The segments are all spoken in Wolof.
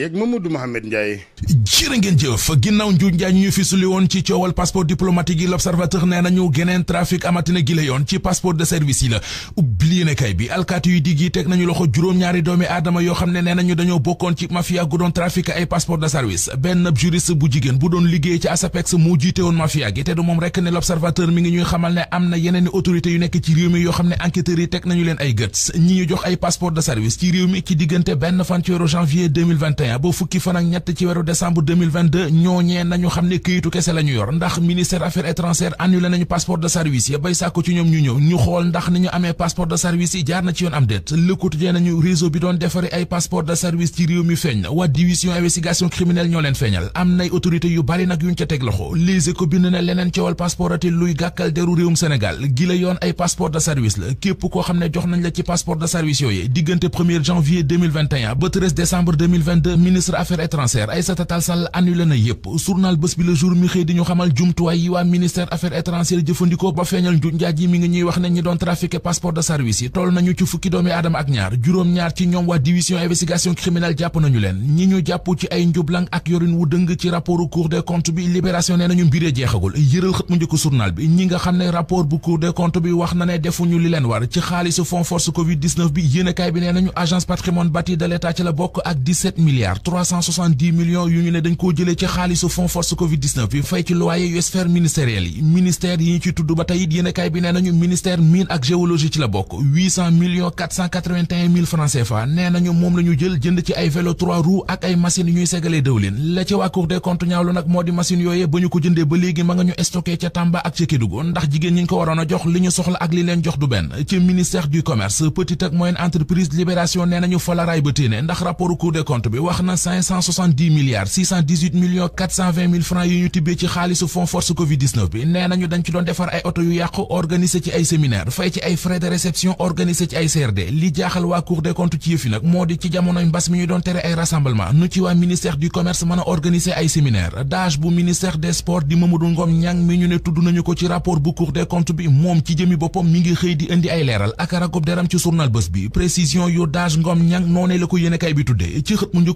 yeeg Mamadou Mohamed Ndiaye jërë ngeen jëf ginnaaw njuuj njaay ñu fi suli woon ci coowal passeport diplomatique yi l'observateur nee nañu geneen trafic amatina gi ci passeport de service yi la ubbi ne bi alkaati yu digg teg nañu loxo juróom-ñaari doomi aadama yoo xam ne nee nañu bokkoon ci mafia gu doon trafic ay passeport de service benn juriste bu jigéen bu doon liggéey ci ASAPEX moo jiite woon mafia gi du moom rek ne l'observateur 21 ba fukki fan ak ñett ci weeru décembre 2022 ñooñee nañu xam ne këyitu kese la yor ndax ministère affaires étrangères annulé nañu passeport de service ya bay sàkku ci ñoom ñu ñëw ñu xool ndax ni ñu amee passeport de service yi jaar na ci yoon am déet Le Quotidien nañu réseau bi doon defari ay passeport de service ci réew mi feeñ na waa division investigation criminelle ñoo leen feeñal am nay autorité yu bari nag yuñ ca teg loxo Les Échos bind ne jox ministre affaires étrangères Aïssata Tall Sall annulé na yépp journal bés bi le jour mi xëy di ñu xamal jumtuwaay yi waa ministère affaires étrangères jëfandikoo ba feeñal njuñ njaaj yi mi ngi ñuy wax ne ñi doon trafiqué passeport de service yi toll nañu ci fukki doomi aadama ak ñaar juróom-ñaar ci ñoom waa division investigation criminelle jàpp nañu leen ñi ñu jàpp ci ay njublang ak yorin wu dëng ci rapportu cour des comptes bi libération nee nañu mbiree jeexagul yëral ñi nga xam ne rapport bu cour des comptes wax na ne defuñu li leen war ci xaalisu fonds force covid 19 bi yéenekaay bi nee la bokk ak 17 milliards 370 millions yu ñu ne dañ koo jëlee ci xaalisu fonds force covid 19 bi fay ci loyer yu sphère ministérielle yi yi ñu ci tudd ba tey it bi nee nañu ministère mine ak géologie ci la bokk millions 481 mille francs nañu moom la jël jënd ci ay vélo trois ak ay machines yu ñuy segalee dëwlin la ca waa Cour des comptes ñaawlu nag moo di machines yooyee ba ñu ko jëndee ba léegi ma nga ñu stocké ca Tamba ak ca Kédougou ndax jigéen ñi ñu ko waroon jox li ñu soxla wax na 570 milliards 618 millions 420 mille francs yi ñu tibbee ci xaalisu fonds force covid 19 bi nee nañu dañ ci doon defar ay oto yu yàqu organiser ci ay séminaire fay ci ay frais de réception organiser ci ay CRD li jaaxal waa cour des comptes ci yëfi nag moo di ci jamonoy mbas mi ñu doon tere ay rassemblement nu ci waa ministère du commerce mën a organiser ay séminaire daaj bu ministère des sports di Mamadou Ngom Niang mi ñu ne tudd nañu ko ci rapport bu cour des comptes bi moom ci jëmi boppam mi ngi la ko yéene kay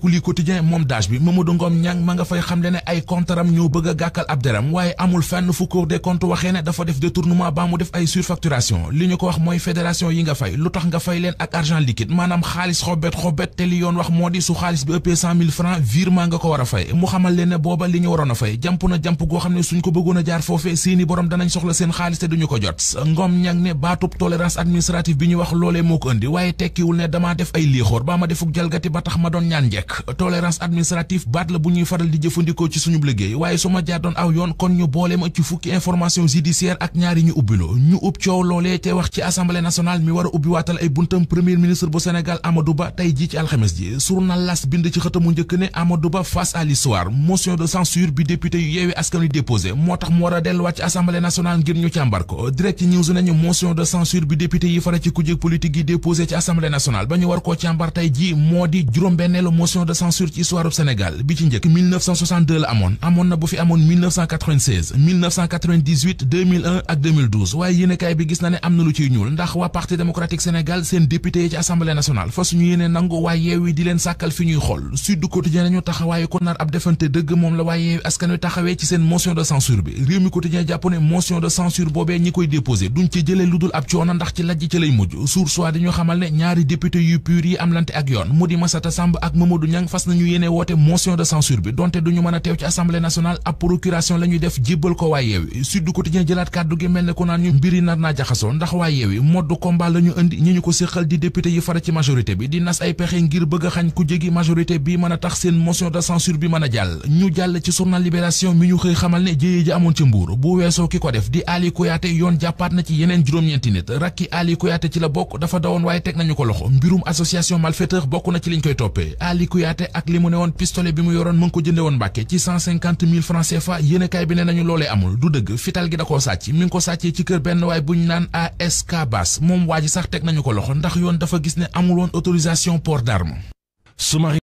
boppu li quotidien moom daaj bi Mamadou Ngom Niang ma nga fay xamle ne ay contram ñoo bëgg a gàkkal ab waaye amul fenn fu Cour des comptes waxee ne dafa def détournement ba mu def ay surfacturation li ñu ko wax mooy fédération yi nga fay lu tax nga fay leen ak argent liquide maanaam xaalis xobet xobet te li yoon wax moo di su xaalis bi ëppee cent mille francs nga ko war a fay mu xamal leen ne booba li ñu waroon a fay jàmp na jàmp goo xam ne suñ ko bëggoon a jaar foofee seeni borom danañ soxla seen xaalis te ko jot Ngom Niang ne baatub tolérance administrative bi ñu wax loolee moo ko indi waaye tekkiwul ne dama def ay liixoor ba ma defuk jalgati ba tax ma doon ñaan njekk nag tolérance baat la bu ñuy faral di jëfandikoo ci suñu liggéey waaye su ma jaar doon aw kon ñu boole ma ci fukki information judiciaire ak ñaari ñu ubbiloo ñu ub coow loolee te wax ci assemblée nationale mi war a ubbi waatal ay buntam premier ministre bu Sénégal Amadou Ba tey jii ci alxames ji journal L'As bind ci xëtamu njëkk ne Amadou Ba face à l'histoire motion de censure bi député yu yeewee askan wi déposé moo tax mu war a delluwaat ci motion de censure ci histoire Sénégal bi ci njëkk la amoon amoon na bu fi amoon ak waaye yéenekaay bi gis na ne am na lu ciy ñuul ndax waa parti démocratique Sénégal seen député yi ci assemblée nationale fa suñu yéene nangu waa yeewi di leen sàkkal fi ñuy xool Sud Quotidien ñu taxawaayu ko ab defante dëgg moom la waa yeewi askan wi taxawee ci seen motion de censure bi réew mi Quotidien jàpp motion de censure boobee ñi koy déposé duñ ci lu dul Niang fas nañu yéene woote motion de censure bi donte duñu mën a teew ci assemblée nationale ab procuration la def jébbal ko waa yeewi Sud Quotidien jëlaat kàddu gi mel ne ko naan ñu mbiri nar naa jaxasoo ndax waa yeewi moddu combat la ñu indi ñi ñu ko séqal di député yi fara ci majorité bi di nas ay pexe ngir bëgg a xañ ku jégi majorité bi mën a tax seen motion de censure bi mën a jàll ñu jàll ci journal Libération mi ñu xëy xamal ne jéyee ji amoon ci mbuur bu weesoo ki ko def di Ali Kouyaté yoon jàppaat na ci yeneen juróom-ñeenti nit rakki Ali Kouyaté ci la bokk dafa dawoon waaye teg nañu ko loxo mbirum association malfaiteur bokk na ci liñ koy toppee Kouyaté ak li mu ne woon pistolet bi mu yoroon mu ngi ko jënde woon Mbàkke ci cent cinquante mille bi ne nañu loolee amul du dëgg fital gi da koo sàcc mi ngi ko sàccee ci kër benn waay buñ naan ASK Bass moom waa ji sax teg nañu ko loxo ndax yoon dafa gis ne amul woon autorisation port d'arme